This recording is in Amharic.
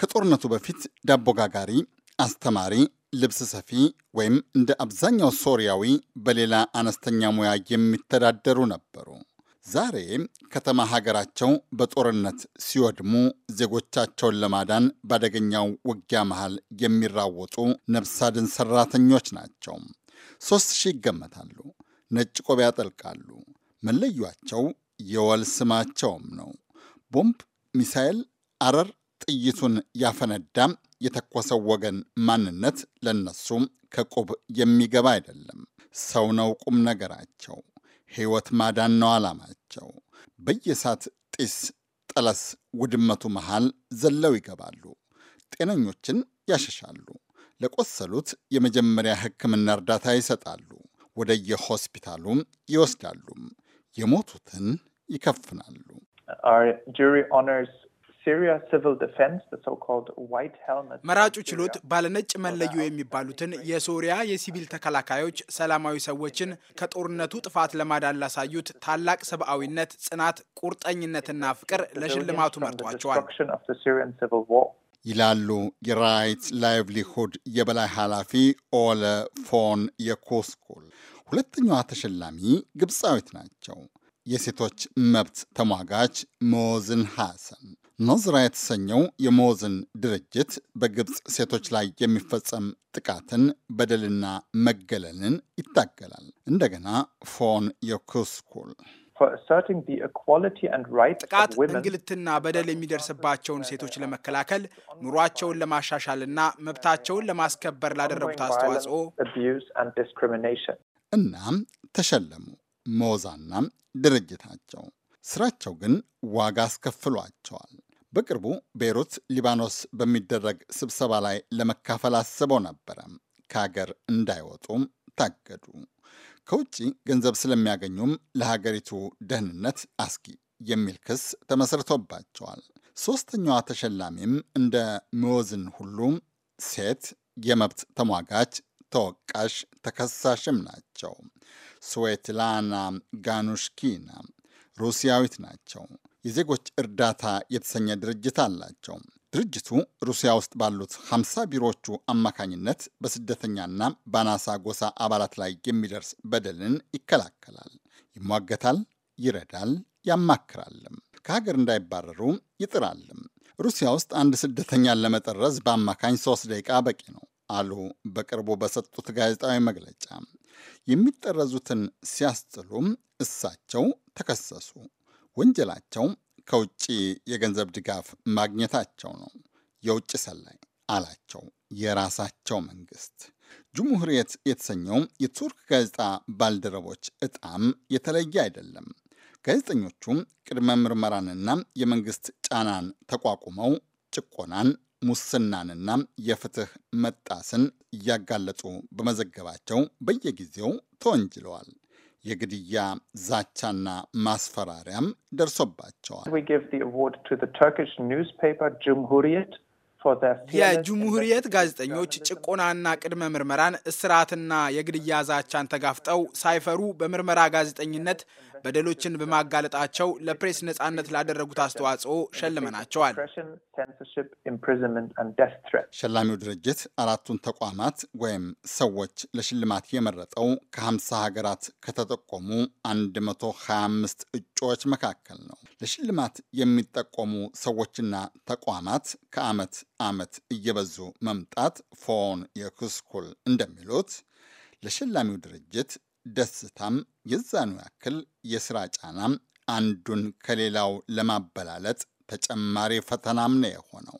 ከጦርነቱ በፊት ዳቦ ጋጋሪ፣ አስተማሪ፣ ልብስ ሰፊ ወይም እንደ አብዛኛው ሶሪያዊ በሌላ አነስተኛ ሙያ የሚተዳደሩ ነበሩ። ዛሬ ከተማ ሀገራቸው በጦርነት ሲወድሙ ዜጎቻቸውን ለማዳን በአደገኛው ውጊያ መሃል የሚራወጡ ነፍስ አድን ሰራተኞች ናቸው። ሶስት ሺህ ይገመታሉ። ነጭ ቆብ ያጠልቃሉ። መለያቸው የወል ስማቸውም ነው። ቦምብ፣ ሚሳኤል፣ አረር ጥይቱን ያፈነዳም የተኮሰው ወገን ማንነት ለነሱም ከቁብ የሚገባ አይደለም። ሰው ነው ቁም ነገራቸው። ሕይወት ማዳን ነው ዓላማቸው። በየእሳት ጢስ ጠለስ ውድመቱ መሃል ዘለው ይገባሉ። ጤነኞችን ያሸሻሉ። ለቆሰሉት የመጀመሪያ ሕክምና እርዳታ ይሰጣሉ። ወደየ ሆስፒታሉም ይወስዳሉ። የሞቱትን ይከፍናሉ። መራጩ ችሎት ባለነጭ መለዮ የሚባሉትን የሶሪያ የሲቪል ተከላካዮች ሰላማዊ ሰዎችን ከጦርነቱ ጥፋት ለማዳን ላሳዩት ታላቅ ሰብአዊነት፣ ጽናት፣ ቁርጠኝነትና ፍቅር ለሽልማቱ መርጧቸዋል ይላሉ የራይት ላይቭሊሁድ የበላይ ኃላፊ ኦለ ፎን የኮስኩል። ሁለተኛዋ ተሸላሚ ግብፃዊት ናቸው። የሴቶች መብት ተሟጋች ሞዝን ሐሰን ኖዝራ የተሰኘው የመወዝን ድርጅት በግብፅ ሴቶች ላይ የሚፈጸም ጥቃትን በደልና መገለልን ይታገላል። እንደገና ፎን የኩስኩል ጥቃት፣ እንግልትና በደል የሚደርስባቸውን ሴቶች ለመከላከል ኑሯቸውን ለማሻሻልና መብታቸውን ለማስከበር ላደረጉት አስተዋጽኦ እናም ተሸለሙ ሞዛናም ድርጅታቸው። ስራቸው ግን ዋጋ አስከፍሏቸዋል። በቅርቡ ቤይሩት ሊባኖስ በሚደረግ ስብሰባ ላይ ለመካፈል አስበው ነበረ። ከሀገር እንዳይወጡም ታገዱ። ከውጭ ገንዘብ ስለሚያገኙም ለሀገሪቱ ደህንነት አስጊ የሚል ክስ ተመስርቶባቸዋል። ሦስተኛዋ ተሸላሚም እንደ ሚወዝን ሁሉም ሴት የመብት ተሟጋች ተወቃሽ ተከሳሽም ናቸው። ስዌትላና ጋኑሽኪና ሩሲያዊት ናቸው። የዜጎች እርዳታ የተሰኘ ድርጅት አላቸው። ድርጅቱ ሩሲያ ውስጥ ባሉት 50 ቢሮዎቹ አማካኝነት በስደተኛና በአናሳ ጎሳ አባላት ላይ የሚደርስ በደልን ይከላከላል፣ ይሟገታል፣ ይረዳል፣ ያማክራልም፣ ከሀገር እንዳይባረሩ ይጥራልም። ሩሲያ ውስጥ አንድ ስደተኛን ለመጠረዝ በአማካኝ ሶስት ደቂቃ በቂ ነው አሉ በቅርቡ በሰጡት ጋዜጣዊ መግለጫ። የሚጠረዙትን ሲያስጥሉም እሳቸው ተከሰሱ ወንጀላቸው ከውጭ የገንዘብ ድጋፍ ማግኘታቸው ነው። የውጭ ሰላይ አላቸው የራሳቸው መንግስት። ጅምሁሪየት የተሰኘው የቱርክ ጋዜጣ ባልደረቦች እጣም የተለየ አይደለም። ጋዜጠኞቹም ቅድመ ምርመራንና የመንግስት ጫናን ተቋቁመው ጭቆናን፣ ሙስናንና የፍትህ መጣስን እያጋለጡ በመዘገባቸው በየጊዜው ተወንጅለዋል። የግድያ ዛቻና ማስፈራሪያም ደርሶባቸዋል። የጅምሁሪየት ጋዜጠኞች ጭቆናና ቅድመ ምርመራን፣ እስራትና የግድያ ዛቻን ተጋፍጠው ሳይፈሩ በምርመራ ጋዜጠኝነት በደሎችን በማጋለጣቸው ለፕሬስ ነጻነት ላደረጉት አስተዋጽኦ ሸልመናቸዋል። ሸላሚው ድርጅት አራቱን ተቋማት ወይም ሰዎች ለሽልማት የመረጠው ከ50 ሀገራት ከተጠቆሙ 125 እጩዎች መካከል ነው። ለሽልማት የሚጠቆሙ ሰዎችና ተቋማት ከዓመት ዓመት እየበዙ መምጣት ፎን የክስኩል እንደሚሉት ለሸላሚው ድርጅት ደስታም የዛኑ ያክል የስራ ጫናም አንዱን ከሌላው ለማበላለጥ ተጨማሪ ፈተናም ነው የሆነው።